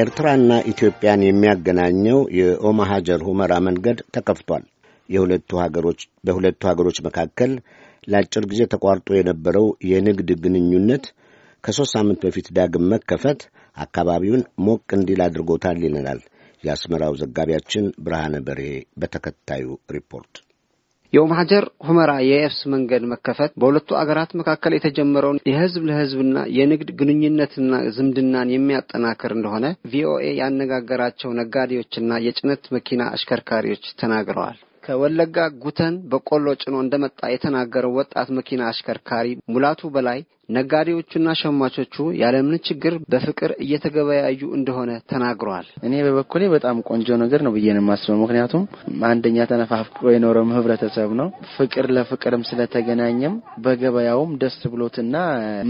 ኤርትራና ኢትዮጵያን የሚያገናኘው የኦማሃጀር ሁመራ መንገድ ተከፍቷል። የሁለቱ ሀገሮች በሁለቱ ሀገሮች መካከል ለአጭር ጊዜ ተቋርጦ የነበረው የንግድ ግንኙነት ከሦስት ሳምንት በፊት ዳግም መከፈት አካባቢውን ሞቅ እንዲል አድርጎታል ይለናል የአስመራው ዘጋቢያችን ብርሃነ በርሄ በተከታዩ ሪፖርት የኡም ሀጀር ሁመራ የየብስ መንገድ መከፈት በሁለቱ አገራት መካከል የተጀመረውን የህዝብ ለህዝብና የንግድ ግንኙነትና ዝምድናን የሚያጠናክር እንደሆነ ቪኦኤ ያነጋገራቸው ነጋዴዎችና የጭነት መኪና አሽከርካሪዎች ተናግረዋል። ከወለጋ ጉተን በቆሎ ጭኖ እንደመጣ የተናገረው ወጣት መኪና አሽከርካሪ ሙላቱ በላይ ነጋዴዎቹና ሸማቾቹ ያለምን ችግር በፍቅር እየተገበያዩ እንደሆነ ተናግረዋል። እኔ በበኩሌ በጣም ቆንጆ ነገር ነው ብዬ ነው የማስበው። ምክንያቱም አንደኛ ተነፋፍቆ የኖረም ህብረተሰብ ነው። ፍቅር ለፍቅርም ስለተገናኘም በገበያውም ደስ ብሎትና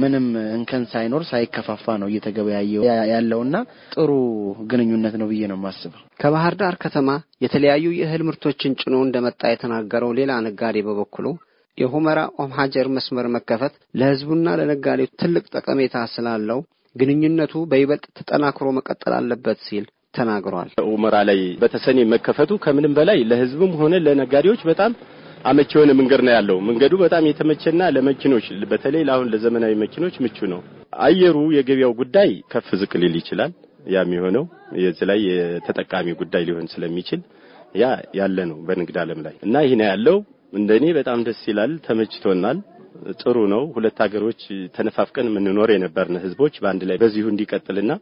ምንም እንከን ሳይኖር ሳይከፋፋ ነው እየተገበያየ ያለውና ጥሩ ግንኙነት ነው ብዬ ነው የማስበው። ከባህር ዳር ከተማ የተለያዩ የእህል ምርቶችን ጭኖ እንደመጣ የተናገረው ሌላ ነጋዴ በበኩሉ የሁመራ ኦም ሀጀር መስመር መከፈት ለህዝቡና ለነጋዴው ትልቅ ጠቀሜታ ስላለው ግንኙነቱ በይበልጥ ተጠናክሮ መቀጠል አለበት ሲል ተናግሯል። ሁመራ ላይ በተሰኔ መከፈቱ ከምንም በላይ ለህዝቡም ሆነ ለነጋዴዎች በጣም አመቺ የሆነ መንገድ ነው ያለው። መንገዱ በጣም የተመቸና ለመኪኖች በተለይ ለአሁን ለዘመናዊ መኪኖች ምቹ ነው። አየሩ የገበያው ጉዳይ ከፍ ዝቅ ሊል ይችላል። ያ የሚሆነው የዚህ ላይ የተጠቃሚ ጉዳይ ሊሆን ስለሚችል ያ ያለ ነው በንግድ ዓለም ላይ እና ይህ ነው ያለው። እንደኔ በጣም ደስ ይላል፣ ተመችቶናል። ጥሩ ነው። ሁለት ሀገሮች ተነፋፍቀን የምንኖር የነበርን ህዝቦች በአንድ ላይ በዚሁ እንዲቀጥልና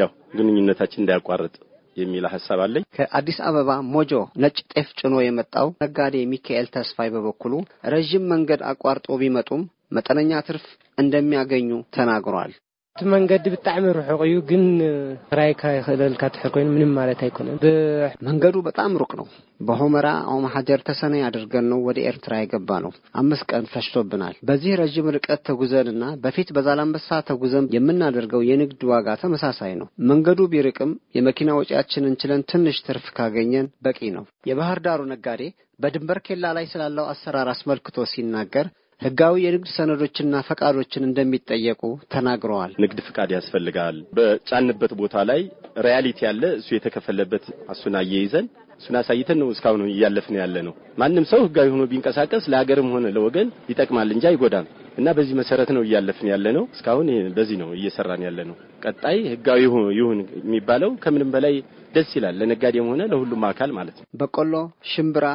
ያው ግንኙነታችን እንዳያቋርጥ የሚል ሀሳብ አለኝ። ከአዲስ አበባ ሞጆ ነጭ ጤፍ ጭኖ የመጣው ነጋዴ ሚካኤል ተስፋይ በበኩሉ ረዥም መንገድ አቋርጦ ቢመጡም መጠነኛ ትርፍ እንደሚያገኙ ተናግሯል። እቲ መንገዲ ብጣዕሚ ርሑቅ እዩ ግን ራይካ ይኽእለልካ ትሕር ኮይኑ ምንም ማለት ኣይኮነን መንገዱ በጣም ሩቅ ነው በሆመራ ኦም ሓጀር ተሰነይ አድርገን ነው ወደ ኤርትራ የገባ ነው አምስት ቀን ፈጅቶብናል በዚህ ረዥም ርቀት ተጉዘንና በፊት በዛላንበሳ ተጉዘን የምናደርገው የንግድ ዋጋ ተመሳሳይ ነው መንገዱ ቢርቅም የመኪና ወጪያችንን ችለን ትንሽ ትርፍ ካገኘን በቂ ነው የባህር ዳሩ ነጋዴ በድንበር ኬላ ላይ ስላለው አሰራር አስመልክቶ ሲናገር ህጋዊ የንግድ ሰነዶችና ፈቃዶችን እንደሚጠየቁ ተናግረዋል። ንግድ ፍቃድ ያስፈልጋል። በጫንበት ቦታ ላይ ሪያሊቲ ያለ እሱ የተከፈለበት እሱን አያይዘን እሱን አሳይተን ነው እስካሁን እያለፍን ያለ ነው። ማንም ሰው ህጋዊ ሆኖ ቢንቀሳቀስ ለሀገርም ሆነ ለወገን ይጠቅማል እንጂ አይጎዳም። እና በዚህ መሰረት ነው እያለፍን ያለ ነው። እስካሁን በዚህ ነው እየሰራን ያለ ነው። ቀጣይ ህጋዊ ይሁን የሚባለው ከምንም በላይ ደስ ይላል፣ ለነጋዴም ሆነ ለሁሉም አካል ማለት ነው። በቆሎ ሽምብራ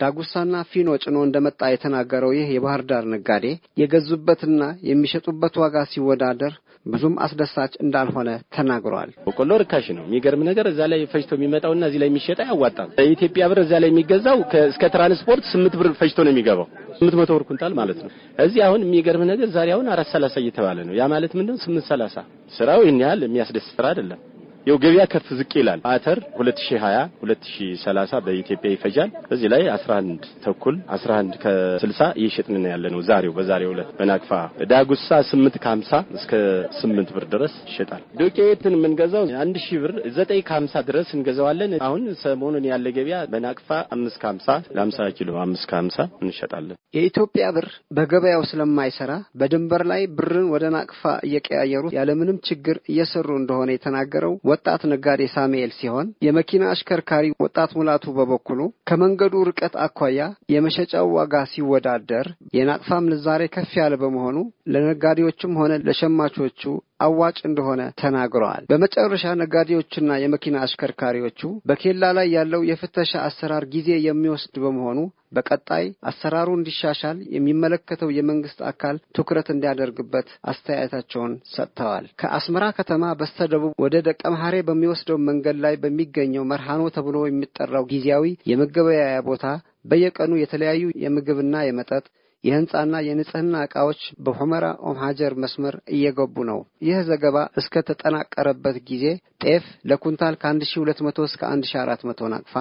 ዳጉሳና ፊኖ ጭኖ እንደመጣ የተናገረው ይህ የባህር ዳር ነጋዴ የገዙበትና የሚሸጡበት ዋጋ ሲወዳደር ብዙም አስደሳች እንዳልሆነ ተናግሯል። በቆሎ ርካሽ ነው። የሚገርም ነገር እዛ ላይ ፈጅቶ የሚመጣውና እዚህ ላይ የሚሸጠ አያዋጣም። በኢትዮጵያ ብር እዛ ላይ የሚገዛው እስከ ትራንስፖርት ስምንት ብር ፈጅቶ ነው የሚገባው። ስምንት መቶ ብር ኩንታል ማለት ነው። እዚህ አሁን የሚገርም ነገር ዛሬ አሁን አራት ሰላሳ እየተባለ ነው። ያ ማለት ምንድነው? ስምንት ሰላሳ ስራው ይህን ያህል የሚያስደስት ስራ አይደለም። የው ገበያ ከፍ ዝቅ ይላል። አተር 2020 2030 በኢትዮጵያ ይፈጃል። በዚህ ላይ 11 ተኩል 11 ከ60 እየሸጥን ነው ያለነው ዛሬው በዛሬው ዕለት በናቅፋ ዳጉሳ 8 ከ50 እስከ 8 ብር ድረስ ይሸጣል። ዱቄትን የምንገዛው 1 ሺህ ብር 9 ከ50 ድረስ እንገዛዋለን። አሁን ሰሞኑን ያለ ገበያ በናቅፋ 5 ከ50 ለ50 ኪሎ 5 ከ50 እንሸጣለን። የኢትዮጵያ ብር በገበያው ስለማይሰራ በድንበር ላይ ብርን ወደ ናቅፋ እየቀያየሩ ያለምንም ችግር እየሰሩ እንደሆነ የተናገረው ወጣት ነጋዴ ሳሙኤል ሲሆን የመኪና አሽከርካሪ ወጣት ሙላቱ በበኩሉ ከመንገዱ ርቀት አኳያ የመሸጫው ዋጋ ሲወዳደር የናቅፋ ምንዛሬ ከፍ ያለ በመሆኑ ለነጋዴዎችም ሆነ ለሸማቾቹ አዋጭ እንደሆነ ተናግረዋል። በመጨረሻ ነጋዴዎችና የመኪና አሽከርካሪዎቹ በኬላ ላይ ያለው የፍተሻ አሰራር ጊዜ የሚወስድ በመሆኑ በቀጣይ አሰራሩ እንዲሻሻል የሚመለከተው የመንግስት አካል ትኩረት እንዲያደርግበት አስተያየታቸውን ሰጥተዋል። ከአስመራ ከተማ በስተደቡብ ወደ ደቀ መሐሬ በሚወስደው መንገድ ላይ በሚገኘው መርሃኖ ተብሎ የሚጠራው ጊዜያዊ የመገበያያ ቦታ በየቀኑ የተለያዩ የምግብና የመጠጥ የህንፃና የንጽህና ዕቃዎች በሑመራ ኦም ሀጀር መስመር እየገቡ ነው። ይህ ዘገባ እስከ ተጠናቀረበት ጊዜ ጤፍ ለኩንታል ከ1200 እስከ 1400 ናቅፋ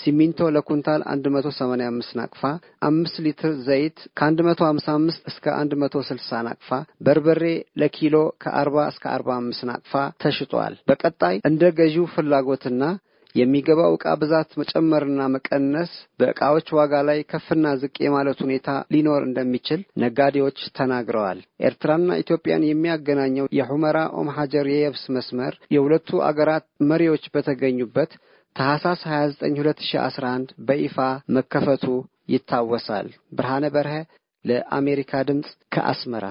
ሲሚንቶ ለኩንታል 185 ናቅፋ፣ 5 ሊትር ዘይት ከ155 እስከ 160 ናቅፋ፣ በርበሬ ለኪሎ ከ40 እስከ 45 ናቅፋ ተሽጧል። በቀጣይ እንደ ገዢው ፍላጎትና የሚገባው ዕቃ ብዛት መጨመርና መቀነስ፣ በዕቃዎች ዋጋ ላይ ከፍና ዝቅ የማለት ሁኔታ ሊኖር እንደሚችል ነጋዴዎች ተናግረዋል። ኤርትራና ኢትዮጵያን የሚያገናኘው የሑመራ ኦም ሀጀር የየብስ መስመር የሁለቱ አገራት መሪዎች በተገኙበት ታኅሳስ 29 2011 በይፋ መከፈቱ ይታወሳል። ብርሃነ በርሀ ለአሜሪካ ድምፅ ከአስመራ